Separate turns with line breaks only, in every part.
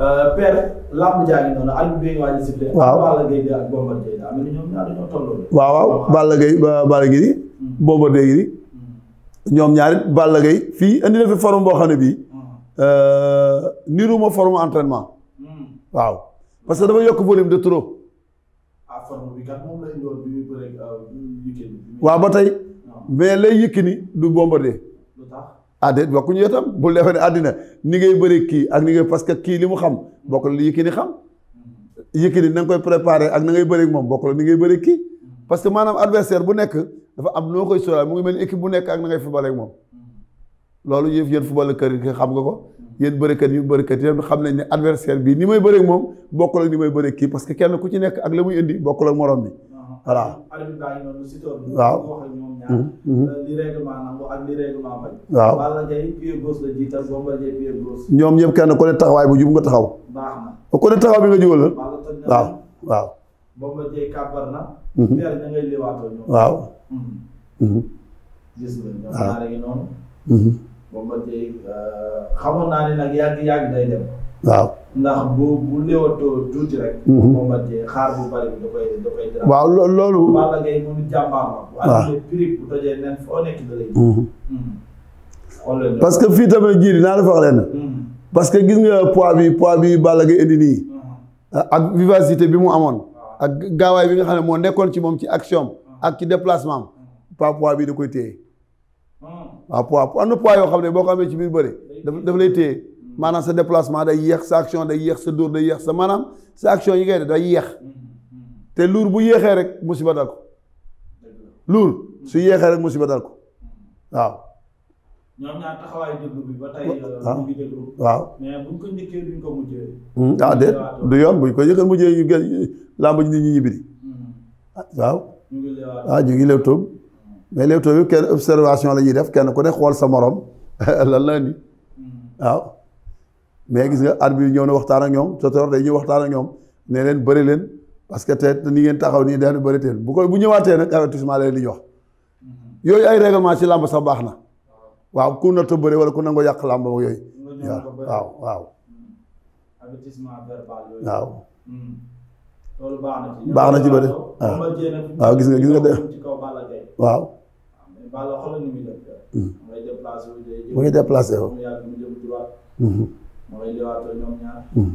Euh, père làmb jaa ngi noonu waaw Balla Gaye ak hmm. Bombardier daa mel ni ñoom ñaar dañoo
ñoom ñaari Balla Gaye fii indi na fi forme boo xam ne bii hmm. euh, niiru ma forme entraînement. Hmm. waaw parce que dafa yokk volume de trop.
ah forme euh,
ba tey mais lay Yékini du Bombardier. ah déet bokkuñu itam bul defee ne àddina ni ngay bëri kii ak ni ngay parce que kii li mu xam bokkul li Yékini xam Yékini na nga ak na ngay bëri moom bokkul ni ngay bëri kii parce que maanaam adversaire bu nekk dafa am noo koy sóoraal mu ngi mel ni équipe bu nekk ak na ngay football ak moom loolu yëf yéen football kër yi xam nga ko yéen bërikat yu bërikat yi xam nañ ne bi ni may bëri moom bokkul ak ni may bëri kii parce que kenn ku ci nekk ak la muy indi bokkul ak morom bi voilà.
waaw. Mm-hmm. Mm-hmm. waaw. ñoom ñëpp kenn
ku taxawaay bu jub nga taxaw. ba ku taxaw bi nga jubal la. waaw waaw.
Mm-hmm. waaw. waaw. xamoon naa ne yàgg yàgg day dem. waaw. ndax bu mhm. waaw lo loolu. Ah. Mhm. Mhm. parce que
fii tamit ji dinaa la wax leen. parce que gis nga pois bi pois bi Balla Gaye indi nii. ak vivacité bi mu amoon. ak gaawaay bi nga xam ne moo nekkoon ci moom ci action ak ci déplacement am. poids bi da koy téye. waaw poids am na poids yoo xam ne boo ko amee ci biir bëri daf daf lay téye. maanaam sa déplacement day yéex sa action day yéex sa dóor day yéex sa maanaam sa action yi ngay day yéex mm-hmm. Mm-hmm. te luur bu yéexee rek musiba dal ko luur su yéexee rek musiba dal ko mm-hmm. waaw.
ñoom ñaar euh, waaw mu ngi déglu. waaw mais buñ ko njëkkee duñ
ah, du yoon buñ ko njëkkee mujjee làmb ji nit ñi ñibbi. waaw. Ah, waaw ñu ngi ah, Leewtoo mais bi kenn observation la def kenn ku ne xool sa morom lan la indi waaw. mais gis nga arbitre ñëw na waxtaan ak ñoom Sotor day ñëw waxtaan ak ñoom ne leen bari leen parce que te ni ngeen taxaw ni daan bëri teen bu koy bu ñëwaatee nag avertissement leen di jox yooyu ay règlement ci làmb sax baax na waaw ku natt bëri wala ku nangoo yàq làmb ak yooyu. waaw waaw. Hmm.
avertissement verbal na ci. Hmm. baax na ci ah. gis nga gis nga de. waaw. Ah, hmm. ngi déplacé wu. ma lay leewaatoo ñoom ñaar. Hmm.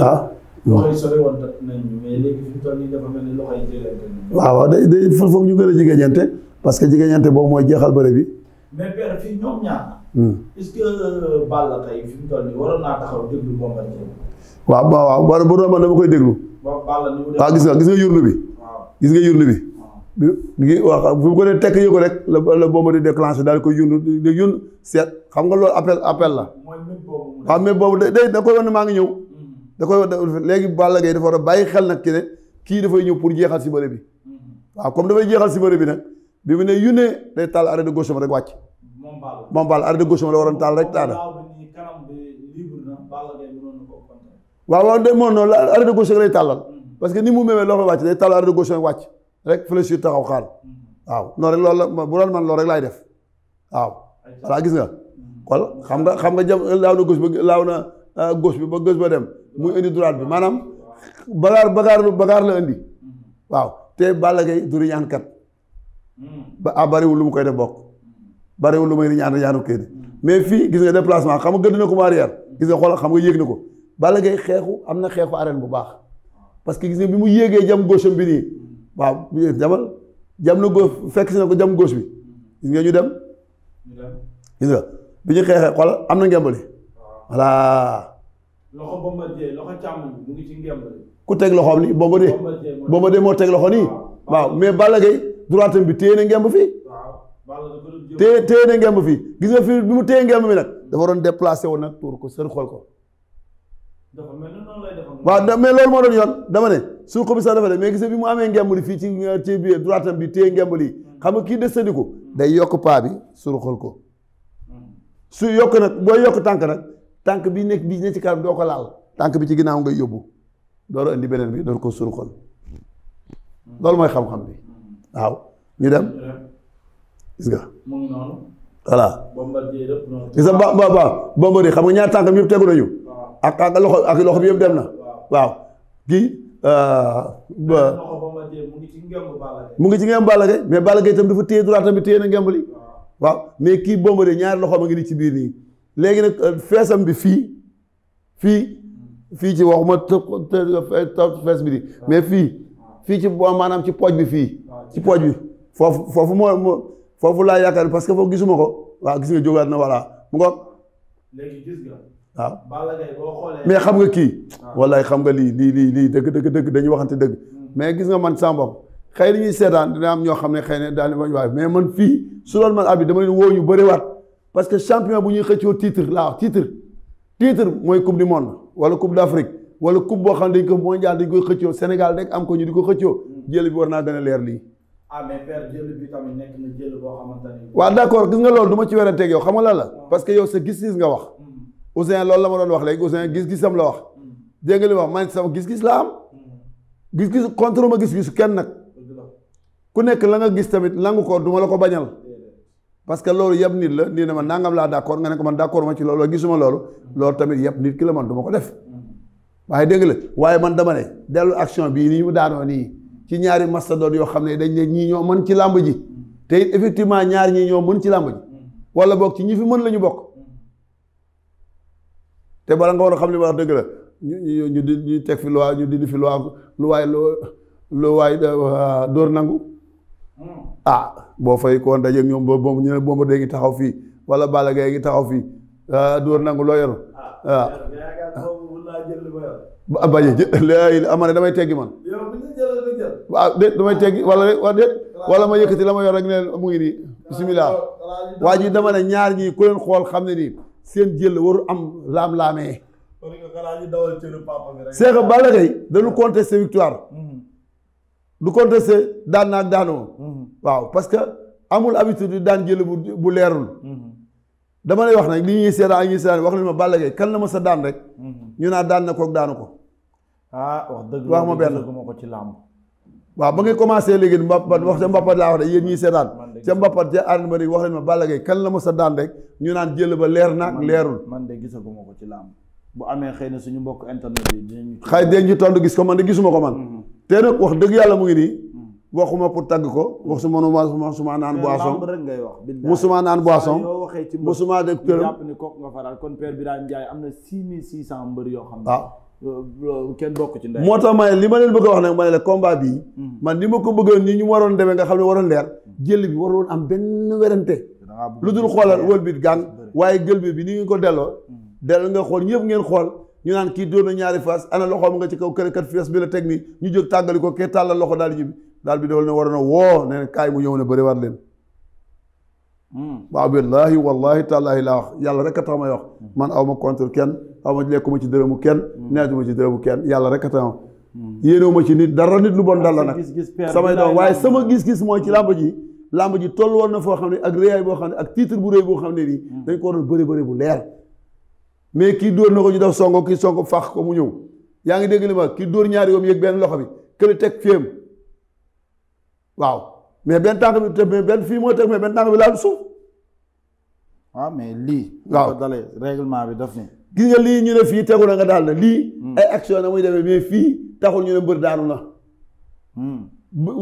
Ah. Hmm. mel ni loxo yi jëlante nañ.
waaw waaw day day foog ñu gën a jigéeñante parce que jigéeñante boobu mooy jeexal bëre bi.
mais père fii ñoom hmm. euh,
waaw waaw bu doon man dama koy déglu.
waaw Balla gis nga gis nga
yurlu bi. waaw gis nga yurlu bi. bi ngi bu mu ko ne tekk yëngu rek la la boobu di déclenché daal ko yund di yund seet xam nga loolu appel appel la. waaw même boobu day da koy wan maa ngi ñëw. Mm-hmm. da koy wan léegi Balla Gaye dafa war a bàyyi xel nag ci ne kii dafay ñëw pour jeexal si bëre bi. Mm-hmm. waaw comme dafay jeexal si bëre bi nag bi mu ne yundee day taal arrêt de gauche rek wàcc. moom Balla moom Balla arrêt de gauche la waroon taal rek taal. waaw waaw de moom noonu arrêt de gauche tàllal mm-hmm. parce que ni mu méwee loxo wàcc day taal arrêt de gauche wàcc rek fléchir taxaw xaar mhm. waaw non rek loolu la bu doon man loolu rek laay def waaw voilà gis nga mhm. wala xam nga xam nga jam laaw na gauche laaw na euh, gauche bi ba gauche ba dem muy indi droite bi maanaam bagaar bagaar bagaar la indi mhm. waaw te Balla Gaye du ñaan kat ba ah bariwul lu mu koy def bokk bariwul lu may di ñaan ñaanu mais fii gis nga déplacement xam nga gëdd na ko mu arrière gis nga xoolal xam nga yéeg na ko Balla gay xeexu am na xeexu arène bu baax ah. parce que gis nga bi mu yéegee jam gauche bi nii waaw demal jam na góos fekk si na ko jam góos bi nga ñu dem gis nga bi ñu xeexee xool am na ngembali voilà
loxo Bombardier loxo càmmoñ mu ngi ci ngembali
ku teg loxoom nii Bombardier Bombardier moo teg loxo nii waaw mais Balla Gaye droite bi téye na ngemb fii téye téye na ngemb fii gis nga fii bi mu téye ngemb bi nag dafa doon déplacé woon nag tuur ko seen xool ko waaw mais loolu moo doon yoon dama su bi sax dafa def mais gis bi mu amee ngembali fii ci euh, ci bi droitam bi téye ngembali yi mm. xam nga kii desandi ko mm. day yokk paa bi suruxal ko mm. su yokk nag booy yokk tànk nag tànk bi nekk bi ne ci kanam doo ko laal tànk bi ci ginnaaw ngay yóbbu door indi beneen bi door ko suruxal loolu mooy xam-xam bi waaw ñu dem gis nga voilà gis nga ba ba ba bombardier xam nga ñaar tànkam yëpp tegu nañu ak ak loxo ak loxo bi yëpp dem na waaw kii Ah, mu ngi ci ngemb Balla Gaye mais Balla Gaye itam dafa téye droit tamit téye na ngemb li ah. waaw mais kii Bombardier ñaari loxo a ngi ni ci biir nii léegi nag euh, feesam bi fii fii fii ci waxuma të fees bi di mais fii fii ci maanaam ci pooj bi fii ah, ci pooj bi foofu foofu moo foofu laa yaakaar parce que foofu gisuma ko waaw gis nga jógaat na voilà mu
léegi gis nga
waaw
mais xam nga kii
ah. wallaay xam nga lii lii lii lii dëgg dëgg dëgg dañuy waxante dëgg hmm. mais gis nga man sàmbam xëy na ñuy seetaan dina am ñoo xam ne xëy na daal ma waaye mais man fii su doon man abi dama leen woo ñu bëriwaat parce que champion bu ñuy xëccoo titre laa wax titre titre mooy coupe du monde wala coupe d'Afrique wala coupe boo xam ne dañ ko mondial dañ koy xëccoo am ko ñu di ko xëccoo hmm. jël bi war naa gën a leer lii
ah mais na jël
d'accord gis nga loolu du ma ci werante ak yow xam nga la la ah. parce que yow sa nga wax Ousin loolu la ma doon wax léegi Ousin gis-gisam la wax dégg li wax man sama gis-gis la am gis-gis contre ma gis-gis kenn nag ku nekk la nga gis tamit nangu ko duma la ko bañal parce que loolu yëpp nit la nii ne ma nangam laa d'accord nga ne ko man d'accord ma ci loolu gisuma loolu loolu tamit yëpp nit ki la man duma ko def waaye dégg la waaye man dama ne dellu action bii nii mu daanoo nii ci ñaari mastodonte yoo xam ne dañ ne ñii ñoo man ci làmb ji te it effectivement ñaar ñii ñoo mën ci làmb ji wala boog ci mën la ñu bokk te bala nga war a xam li ma dëgg la ñu ñu ñu ñu fi loi ñu dindi waay lu waay boo fay koon dajeeg ñoom ne taxaw fii wala Balla Gaye ngi taxaw fii euh, dóor nangu loo ah, ah. a damay teggi man. waaw ah, déet damay teggi wala wala déet wala ma yëkkati la ma yor rek ne mu ngi nii bisimilah. waa ji dama ne ñaar ñii ku leen xool xam ne nii. seen jël waru am laam-laamee.
kon xanaa ñu dawal cëru papa bi rek. Seex Balla Gaye
dañu victoire. Mm-hmm. du contester daan naa daanoo. Mm-hmm. waaw parce que amul habitude di daan jël bu bu leerul. Mm-hmm. dama lay wax nag li ñuy seetaan ak ñuy seetaan wax lu ma Balla Gaye kan la ma sa daan rek. ñu naa daan na koog daanu ko.
Ah, wax dëgg wax ma benn ko ci làmb.
waaw ba ngay commencé léegi mbaa wax de mbaa laa wax de yéen ñuy seetaan. ca mbappat ca arène ba léegi wax leen ma Balla Gaye kan la ma a daan rek ñu naan jël ba leer naag leerul
man de gisaguma ko ci làmb bu amee xëy na suñu mbokk internet yi dinañu xëy den
ñu tontu gis ko man de gisuma ko man mm-hmm. te nag wax dëgg yàlla mu ngi nii mm-hmm. waxuma pour tagg ko wax su ma ma suma naan boisson
musuma naan boisson musuma dëgg tëram jàpp ni kooku nga faral kon Père Birahim Ndiaye am na six mille six cent mbër yoo xam ne ah. kenn bokk ci ndey moo tax ma
li ma leen bëgg a wax nag ma ne la combat bii. Hmm. man ni ma ko bëggoon nii ñu waroon demee nga xam ne waroon leer hmm. jël bi waroon am benn werante lu dul xoolal wëlbit gàng waaye gël bi bi ni ngi ko delloo hmm. dell nga xool ñëpp ngeen xool ñu naan kii dóor na ñaari fas ana loxoom nga ci kaw kër kat fees bi la teg nii ñu jóg tàggali ko kee tàllal loxo daal ñibbi daal bi dool ne waroon a woo nee na kaay mu ñëw ne bëri war leen waaw billaahi wallaahi tallaahi laa wax yàlla rek a tax may man aw ma contre kenn aw ma ci lekkuma ci dërëmu kenn mm. naatuma ci dërëmu kenn yàlla rek atama mm. yéenewuma ci nit dara nit lu bon dal la nag ah, samay doom waaye sama gis-gis mooy ci làmb ji làmb ji toll woon na foo xam ne ak réyaay boo xam ne ak titre bu réy boo xam ne nii mm. dañ ko waroon bari bari bu leer mais kii dóor na ko ñu def songo kii songo fàq ko mu ñëw yaa ngi dégg li ma kii dóor ñaari yoom yëg benn loxo bi kële teg féem waaw mais benn tànk bi te benn fii moo teg mais benn tànk bi laal suuf ah, lii waaw dalee règlement bi daf ni gis nga lii ñu ne fii tegu na nga daal na lii. Hmm. ay action na muy demee mais fii taxul ñu ne mbër daanu na. Hmm.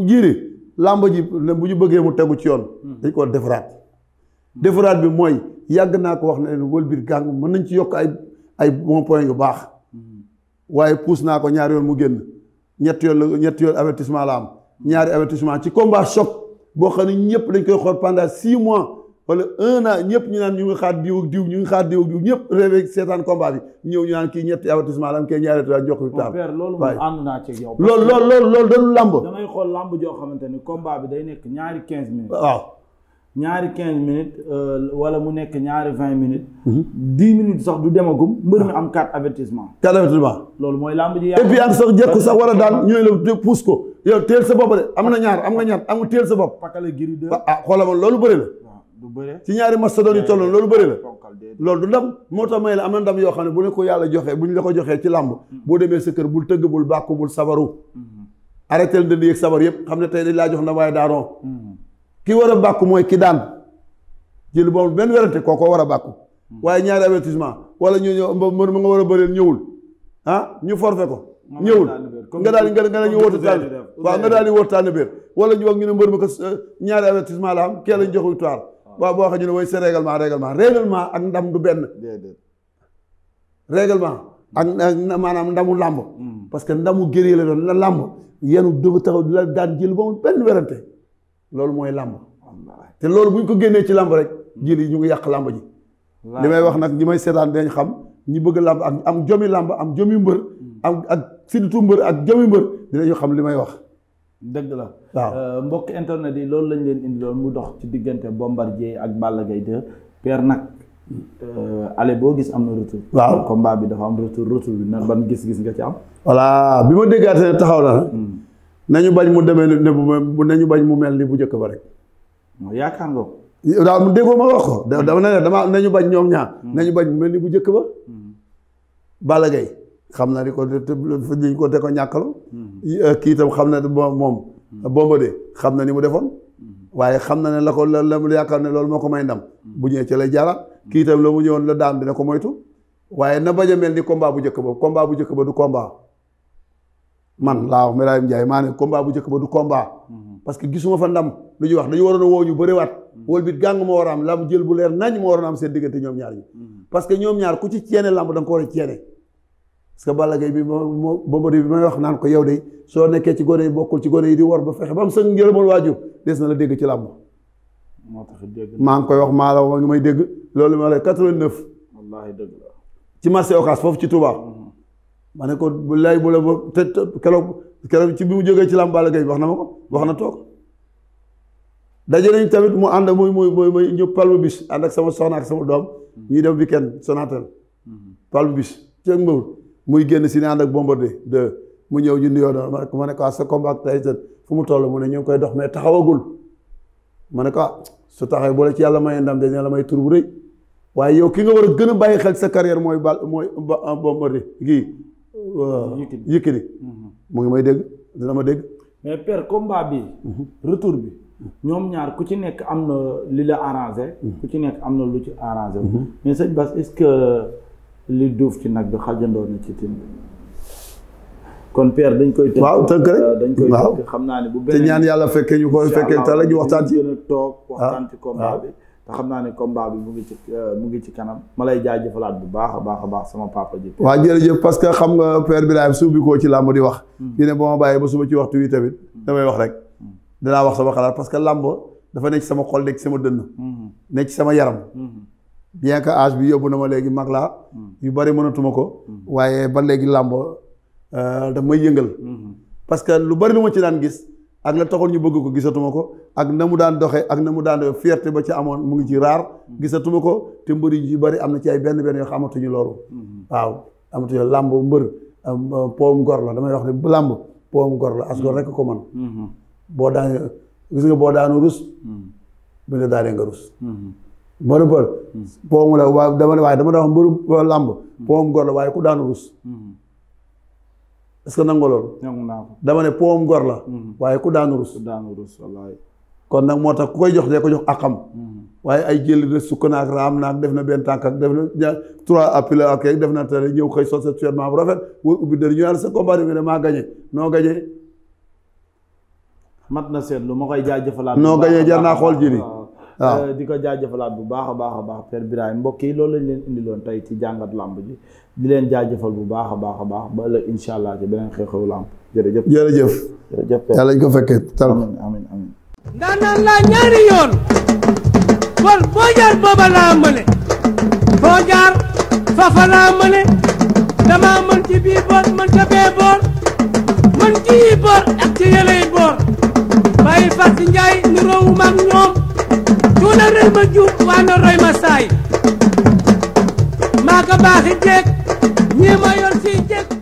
jiiri làmb ji bu ñu bëggee mu tegu ci yoon. Hmm. dañ koo defaraat. defaraat bi mooy yàgg naa ko wax ne leen wëlbir gàng mën nañ ci yokk ay ay bon point yu baax. waaye puus naa ko ñaari yoon mu génn ñetti yoon la ñetti yoon avertissement la am. ñaari avertissement ci combat choc boo xam ne ñëpp lañ koy xool pendant six mois. wala un an ñëpp ñu naan ñu ngi xaar diw ak diw ñu ngi xaar diw ak diw ñëpp réew seetaan combat bi ñëw ñu naan kii ñetti avertissement la am kii ñaari avertissement jox ko victoire loolu moom
ànd naa ci yow loolu loolu loolu loolu dañu lamb da ngay xool lamb joo xamante ni combat bi day nekk ñaari quinze minutes waaw ñaari quinze minutes euh, wala mu nekk ñaari vingt minutes mhm. dix minutes sax du demagum mbër mi ah.
am quatre avertissement
quatre avertissement loolu mooy lamb ji et puis am sax jekku sax war a daan
ñooy la pousse ko yow teel sa bopp de am na ñaar am nga ñaar am nga teel sa bopp pakala giri de ah xoolal ma loolu bëri la
ci ñaari match sa doon yu tolloon
loolu bëri la loolu du ndam moo tax may la am na ndam yoo xam ne bu ne ko yàlla joxee bu ñu la ko joxee ci làmb mm-hmm. boo demee sa kër bul tëgg bul bàkku bul sabaru mm-hmm. arrêté ndënd yeeg sabar yëpp xam ne tey dañ laa jox ndam waaye daanoo mm-hmm. ki war a bàkku mooy ki daan jël boobu benn werante ko war a bàkku waaye ñaari avertissement wala ñu ñëw mën ma nga war a bëreel ñëwul ah ñu forfait ko ñëwul nga daal nga nga ñu woote tànn waaw nga daal di woote tànn biir wala ñu wax ñu ne mbër ma ko euh, ñaari avertissement la am kee lañ jox waaw boo waxee ñu ne woy c'est règlement règlement ak ndam du benn règlement ak maanaam ndamu làmb hmm. parce que ndamu gérée la doon la làmb yenu du taxaw la daan jël ba mu loolu mooy làmb te loolu buñ ko génnee ci làmb rek jël yi ñu ngi yàq làmb ji li may wax nag ñi may seetaan dañ xam ñi bëgg làmb ak am jomi làmb am jomi mbër hmm. am ak surtout mbër ak jomi mbër dinañu xam li may wax dëgg la waaw euh, mbokk internet yi loolu lañ leen indi lool mu dox ci diggante Bombardier
ak Balla Gaye 2 per nag euh, ale boo gis am na retour waaw combat
bi dafa am retour retour bi na ban gis-gis nga ci am voilà bi ma déggaatee taxaw na hmm. nañu bañ mu demee ne nañu bañ mu mel ni bu njëkk ba rek yaakaar nga ko waaw mu déggoo ma wax ko hmm. dama ne dama nañu bañ ñoom ñaar hmm. nañu bañ mu mel ni bu njëkk ba Balla Gaye xam na ni ko liñ ko te ko ñàkkalu euh, kii itam xam na moom bombardé xam na ni mu defoon waaye xam na ne la ko la mu yaakaar ne loolu moo ko may ndam bu ñëwee ci la jaaraat kiitam la mu ñëwoon la daan dina ko moytu waaye na bañ a mel ni combat bu njëkk ba combat bu njëkk ba du combat man laa wax Birahim Ndiaye maa ne combat bu njëkk ba du combat que gisuma fa ndam lu ñuy wax dañu waroon a woo ñu bëriwaat wal bit gàng moo war a am lam jël bu leer nañ moo waroon a am seen diggante ñoom ñaar ñi parce ñoom ñaar ku ci ceene da nga ko ceene parce que Balla Gaye bi moo Bombardier bi may wax naan ko yow de soo nekkee ci gone yi bokkul ci gone yi di war ba fexe ba am sa ngërëmal waajur des na la dégg ci làmb
moo maa ngi
koy wax maa la wa ngi may dégg loolu ma la 89.
wallaahi dëgg la
ci marché Ocass foofu ci Touba. Mhm. ma ne ko bu lay bu la te keroog keroog ci bi mu jógee ci làmb Balla Gaye bi wax na ma ko wax na toog daje nañ tamit mu ànd muy muy muy muy ñu palme bis ànd ak sama soxna ak sama doom mhm. ñuy def weekend Sonatel mhm. palme bis ceeb mbawul muy génn si ne ànd ak Bombardier de mu ñëw ñu nuyoo doon ma ne ko ma ne ko ah sa combat ak mu toll mu ne ñu ngi koy dox mais taxawagul ma ne ko ah su taxawee boole ci yàlla may ndam de yàlla may tur bu rëy waaye yow ki nga war a gën a bàyyi xel sa carrière mooy bal mooy ah Bombardier gii. Euh, Yékini mhm. mu ngi may dégg dina ma dégg.
mais père combat bi. Mhm. retour bi. ñoom ñaar ku ci nekk am na li la arrangé. Mhm. ku ci nekk am na lu ci arrangé. li duuf ci nag bi xajandoo na ci tin kon père dañ koy tënk waaw tënk rek dañ koy tënk xam naa ne bu beneen te ñaan yàlla fekkee ñu koy fekkee te la ñu waxtaan ci gën a toog waxtaan ah, ci combat ah. bi xam naa ne combat mu ngi ci euh, mu ngi ci kanam ma lay jaajëfalaat bu baax a baax a baax sama papa
ji waaw jërëjëf parce que xam nga père Birahim su bi koo ci làmb di wax di hmm. ne ba ma bàyyi ba suba ci waxtu wi tamit hmm. damay wax rek hmm. danaa wax sama xalaat parce que làmb dafa nekk sama xol nekk ci sama dënn nekk sama yaram bien as bi yóbbu na ma léegi mag laa mm. yu bari mënatuma ko mm. waaye ba léegi làmb euh, daf may yëngal mm-hmm. parce que lu bari lu ma ci daan gis ak la taxoon ñu bëgg ko gisatuma ko ak na mu daan doxe ak na mu daan doxe fierté ba ci amoon mu ngi ci raar mm. gisatuma ko te mbër yu bari am na ci ay benn benn yoo xam amatuñu loolu mm-hmm. waaw amatuñu làmb mbër poom gor la damay wax ne làmb poom gor la as gor mm-hmm. ko man boo daan gis nga boo daanu rus bi nga daanee rus mbëru mbër poomu la waaye dama ne waaye dama ne wax mbëru làmb hmm. poomu góor la waaye ku daan rus hmm. est-ce que naa ko dama ne la hmm. waaye ku daanu rus ku daanu kon nag moo tax ku koy jox de ko jox akam waaye ay jël de sukk naak raam naak def na benn tànk ak def na trois appels ak def na tere ñëw xëy sol sa surement bu rafet wër ubbi dër ñu yàlla sa combat bi ne maa gañe noo gañe mat na seetlu ma koy jaajëfalaat noo gañe jar naa xool jëli waaw ah. euh, di ko
jaajëfalaat baax a baax a baax Père Birahim mbokk yi loolu lañ leen indiloon tey ci jàngat lamb ji di leen jaajëfal bu baax a baax a baax ba allah ci beneen xew-xew lamb
jërëjëf ko fekkee ñaari yoon kon boo jaar booba laa mëne boo jaar fafa laa mëne dama mën ci bii boor mën ca bee mën ci yi ak ci yëley boor bàyyi fas njaay niroowu ñoom ku na rëy ma juum waa na roy ma saay maa ko baaxi jeeg
ñii ma yor si jeeg